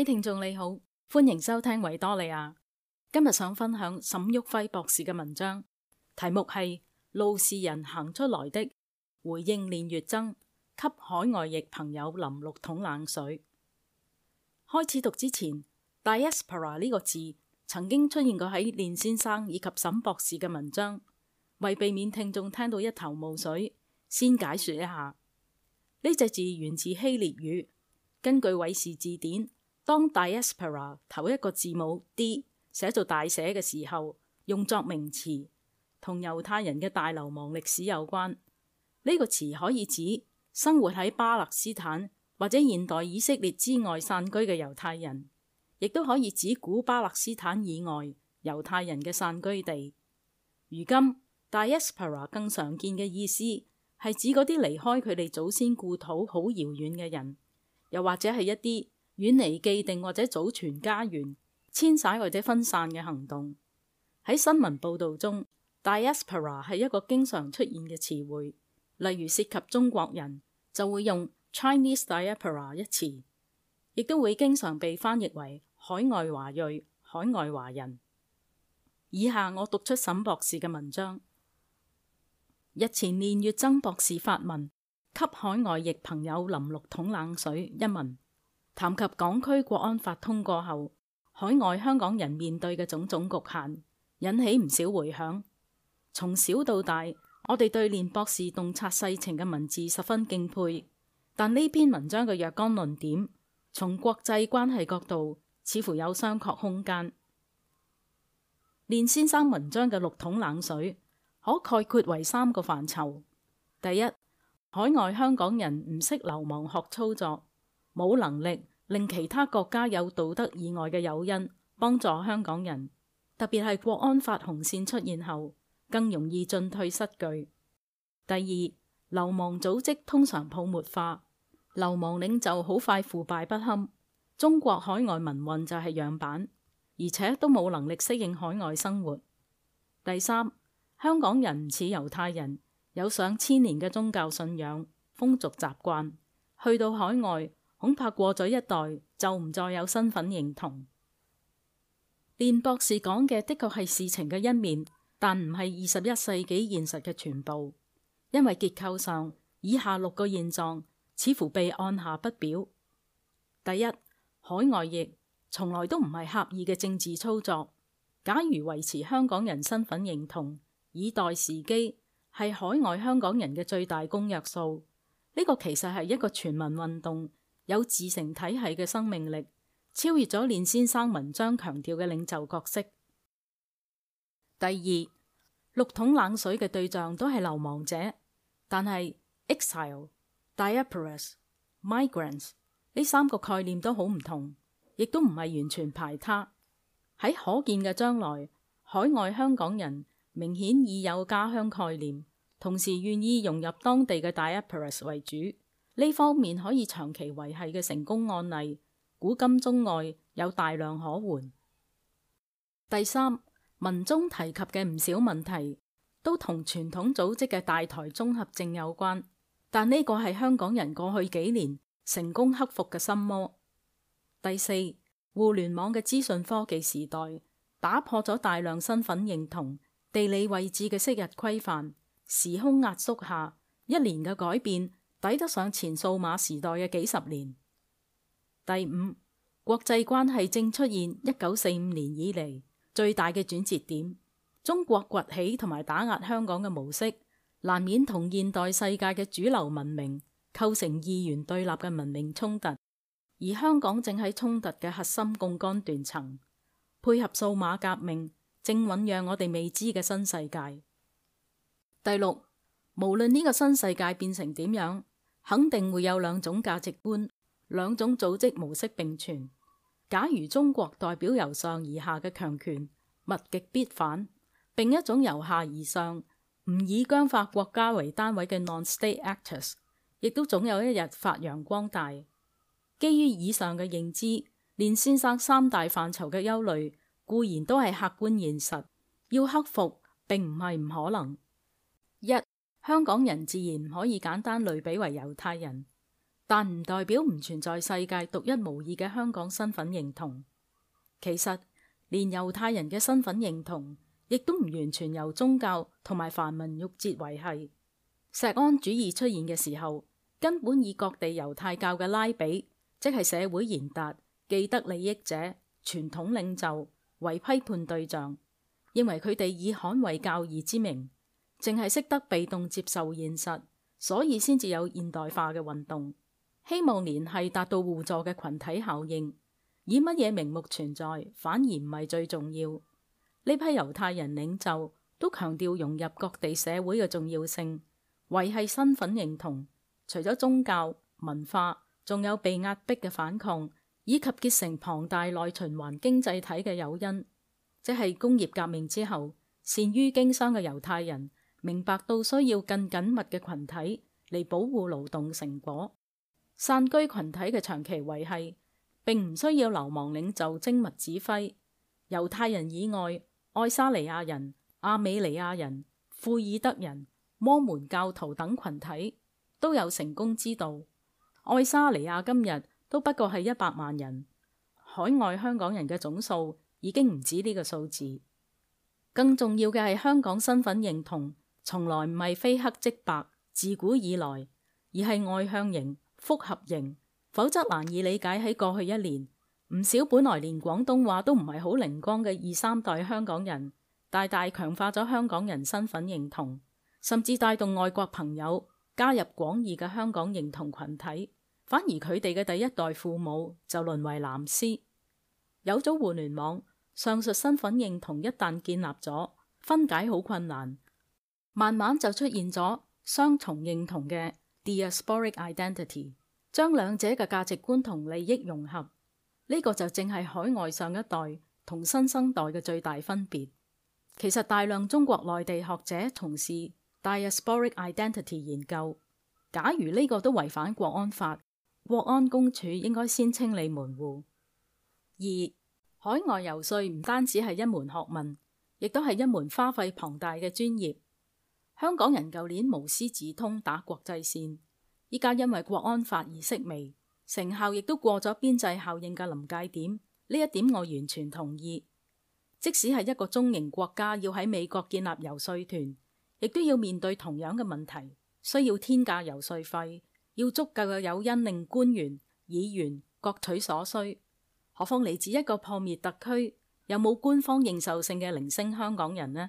各位聽眾你好，歡迎收聽維多利亞。今日想分享沈旭輝博士嘅文章，題目係《路是人行出來的》，回應練乙錚給海外翼朋友淋六桶冷水。開始讀之前，diaspora 呢個字曾經出現過喺練先生以及沈博士嘅文章，為避免聽眾聽到一頭霧水，先解說一下呢隻、這個、字源自希臘語，根據韋氏字典。當 Diaspora 頭一個字母 D 寫做大寫嘅時候，用作名詞，同猶太人嘅大流亡歷史有關。呢、這個詞可以指生活喺巴勒斯坦或者現代以色列之外散居嘅猶太人，亦都可以指古巴勒斯坦以外猶太人嘅散居地。如今，Diaspora 更常見嘅意思係指嗰啲離開佢哋祖先故土好遙遠嘅人，又或者係一啲。遠離既定或者祖傳家園、遷徙或者分散嘅行動。喺新聞報道中，diaspora 係一個經常出現嘅詞彙，例如涉及中國人就會用 Chinese diaspora 一詞，亦都會經常被翻譯為海外華裔、海外華人。以下我讀出沈博士嘅文章，日前年月增博士發文，給海外翼朋友淋六桶冷水一文。談及港區國安法通過後，海外香港人面對嘅種種局限，引起唔少回響。從小到大，我哋對練博士洞察世情嘅文字十分敬佩，但呢篇文章嘅若干論點，從國際關係角度似乎有商榷空間。練先生文章嘅六桶冷水，可概括為三個範疇：第一，海外香港人唔識流亡學操作，冇能力。令其他國家有道德以外嘅誘因幫助香港人，特別係國安法紅線出現後，更容易進退失據。第二，流亡組織通常泡沫化，流亡領袖好快腐敗不堪。中國海外民運就係樣板，而且都冇能力適應海外生活。第三，香港人唔似猶太人，有上千年嘅宗教信仰、風俗習慣，去到海外。恐怕過咗一代就唔再有身份認同。練博士講嘅的確係事情嘅一面，但唔係二十一世紀現實嘅全部，因為結構上以下六個現狀似乎被按下不表。第一，海外翼從來都唔係刻意嘅政治操作。假如維持香港人身份認同，以待時機，係海外香港人嘅最大公約數。呢、這個其實係一個全民運動。有自成體系嘅生命力，超越咗練先生文章強調嘅領袖角色。第二，六桶冷水嘅對象都係流亡者，但係 exile、diasporas、migrants 呢三個概念都好唔同，亦都唔係完全排他。喺可見嘅將來，海外香港人明顯已有家鄉概念，同時願意融入當地嘅 diasporas 為主。呢方面可以長期維繫嘅成功案例，古今中外有大量可換。第三，文中提及嘅唔少問題都同傳統組織嘅大台綜合症有關，但呢個係香港人過去幾年成功克服嘅心魔。第四，互聯網嘅資訊科技時代打破咗大量身份認同、地理位置嘅昔日規範，時空壓縮下一年嘅改變。抵得上前數碼時代嘅幾十年。第五，國際關係正出現一九四五年以嚟最大嘅轉折點。中國崛起同埋打壓香港嘅模式，難免同現代世界嘅主流文明構成二元對立嘅文明衝突。而香港正喺衝突嘅核心槓桿斷層，配合數碼革命，正醞釀我哋未知嘅新世界。第六，無論呢個新世界變成點樣。肯定會有兩種價值觀、兩種組織模式並存。假如中國代表由上而下嘅強權，物極必反，並一種由下而上、唔以僵化國家為單位嘅 non-state actors，亦都總有一日發揚光大。基於以上嘅認知，連先生三大範疇嘅憂慮固然都係客觀現實，要克服並唔係唔可能。一香港人自然唔可以簡單類比為猶太人，但唔代表唔存在世界獨一無二嘅香港身份認同。其實連猶太人嘅身份認同，亦都唔完全由宗教同埋繁文縟節維繫。錫安主義出現嘅時候，根本以各地猶太教嘅拉比，即係社會賢達、既得利益者、傳統領袖為批判對象，認為佢哋以捍衛教義之名，淨係識得被動接受現實，所以先至有現代化嘅運動。希望聯繫達到互助嘅群體效應，以乜嘢名目存在反而唔係最重要。呢批猶太人領袖都強調融入各地社會嘅重要性，維繫身份認同。除咗宗教文化，仲有被壓迫嘅反抗，以及結成龐大內循環經濟體嘅誘因。即係工業革命之後，善於經商嘅猶太人。明白到需要更緊密嘅群體嚟保護勞動成果，散居群體嘅長期維繫，並唔需要流亡領袖精密指揮。猶太人以外，愛沙尼亞人、阿美尼亞人、庫爾德人、摩門教徒等群體都有成功之道。愛沙尼亞今日都不過係一百萬人，海外香港人嘅總數已經唔止呢個數字。更重要嘅係香港身份認同。從來唔係非黑即白，自古以來，而係外向型、複合型，否則難以理解，喺過去一年，唔少本來連廣東話都唔係好靈光嘅二三代香港人，大大強化咗香港人身份認同，甚至帶動外國朋友加入廣義嘅香港認同群體，反而佢哋嘅第一代父母就淪為藍絲。有咗互聯網，上述身份認同一旦建立咗，分解好困難。慢慢就出現咗雙重認同嘅 diasporic identity，將兩者嘅價值觀同利益融合。呢個就正係海外上一代同新生代嘅最大分別。其實大量中國內地學者從事 diasporic identity 研究，假如呢個都違反國安法，國安公署應該先清理門戶。二、海外遊說唔單止係一門學問，亦都係一門花費龐大嘅專業。香港人舊年無師自通打國際線，依家因為國安法而式微，成效亦都過咗邊際效應嘅臨界點。呢一點我完全同意。即使係一個中型國家，要喺美國建立遊說團，亦都要面對同樣嘅問題，需要天價遊說費，要足夠嘅誘因令官員、議員各取所需。何況嚟自一個破滅特區，有冇官方認受性嘅零星香港人呢？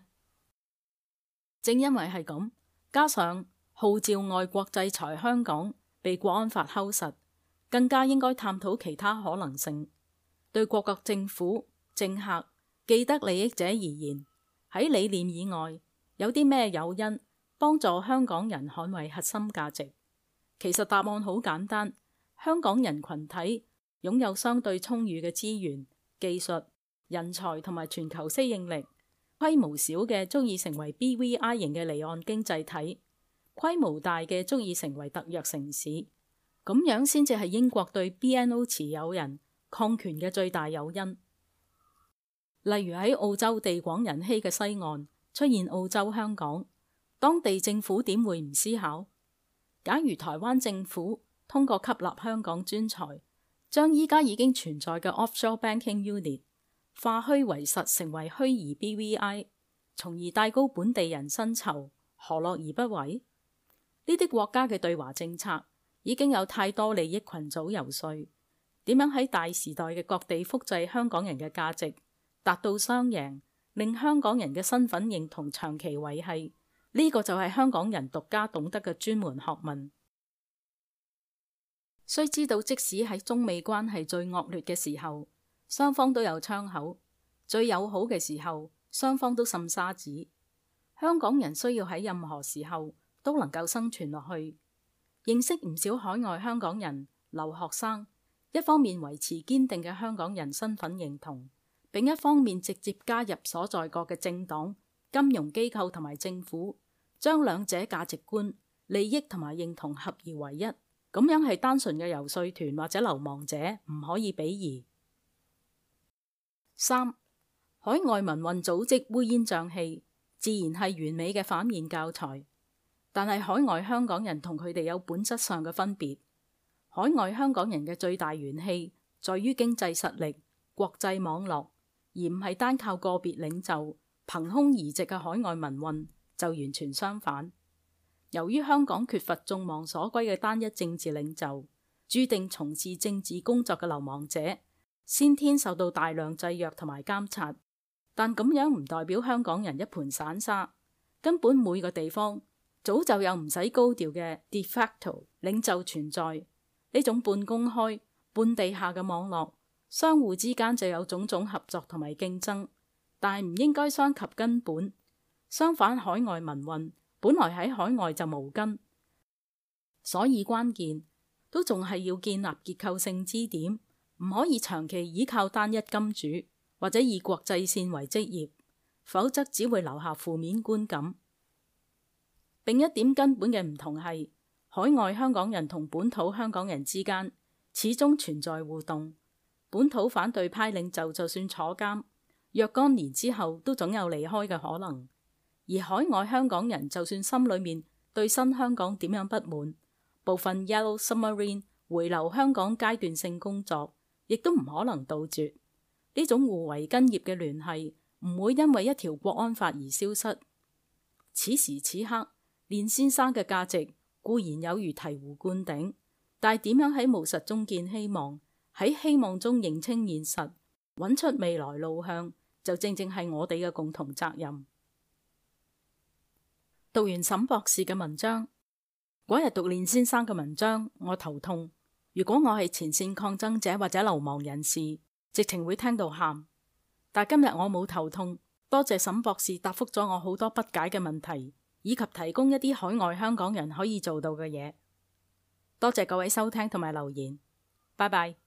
正因為係咁，加上號召外國制裁香港被國安法偷實，更加應該探討其他可能性。對各國政府、政客、既得利益者而言，喺理念以外，有啲咩誘因幫助香港人捍衛核心價值？其實答案好簡單，香港人群體擁有相對充裕嘅資源、技術、人才同埋全球適應力。規模小嘅足以成為 BVI 型嘅離岸經濟體，規模大嘅足以成為特約城市，咁樣先至係英國對 BNO 持有人擴權嘅最大誘因。例如喺澳洲地廣人稀嘅西岸出現澳洲香港，當地政府點會唔思考？假如台灣政府通過吸納香港專才，將依家已經存在嘅 Offshore Banking Unit 化虛為實，成為虛擬 BVI，從而帶高本地人薪酬，何樂而不為？呢啲國家嘅對華政策已經有太多利益群組游說，點樣喺大時代嘅各地複製香港人嘅價值，達到雙贏，令香港人嘅身份認同長期維繫？呢、這個就係香港人獨家懂得嘅專門學問。需知道，即使喺中美關係最惡劣嘅時候，雙方都有窗口，最友好嘅時候，雙方都滲沙子。香港人需要喺任何時候都能夠生存落去。認識唔少海外香港人留學生，一方面維持堅定嘅香港人身份認同，並一方面直接加入所在國嘅政黨、金融機構同埋政府，將兩者價值觀、利益同埋認同合而為一。咁樣係單純嘅遊說團或者流亡者唔可以比擬。三海外民運組織烏煙瘴氣，自然係完美嘅反面教材。但係海外香港人同佢哋有本質上嘅分別。海外香港人嘅最大元氣在於經濟實力、國際網絡，而唔係單靠個別領袖憑空移植嘅海外民運就完全相反。由於香港缺乏眾望所歸嘅單一政治領袖，注定從事政治工作嘅流亡者。先天受到大量制約同埋監察，但咁樣唔代表香港人一盤散沙。根本每個地方早就有唔使高調嘅 de facto 領袖存在，呢種半公開、半地下嘅網絡，相互之間就有種種合作同埋競爭，但唔應該傷及根本。相反，海外民運本來喺海外就無根，所以關鍵都仲係要建立結構性支點。唔可以長期依靠單一金主，或者以國際線為職業，否則只會留下負面觀感。另一點根本嘅唔同係海外香港人同本土香港人之間始終存在互動。本土反對派領袖就算坐監，若干年之後都總有離開嘅可能。而海外香港人就算心裏面對新香港點樣不滿，部分 Yellow Submarine 回流香港階段性工作。亦都唔可能杜絕呢種互為根葉嘅聯繫，唔會因為一條國安法而消失。此時此刻，練先生嘅價值固然有如醍醐灌頂，但係點樣喺務實中見希望，喺希望中認清現實，揾出未來路向，就正正係我哋嘅共同責任。讀完沈博士嘅文章，嗰日讀練先生嘅文章，我頭痛。如果我係前線抗爭者或者流亡人士，直情會聽到喊。但今日我冇頭痛，多謝沈博士答覆咗我好多不解嘅問題，以及提供一啲海外香港人可以做到嘅嘢。多謝各位收聽同埋留言，拜拜。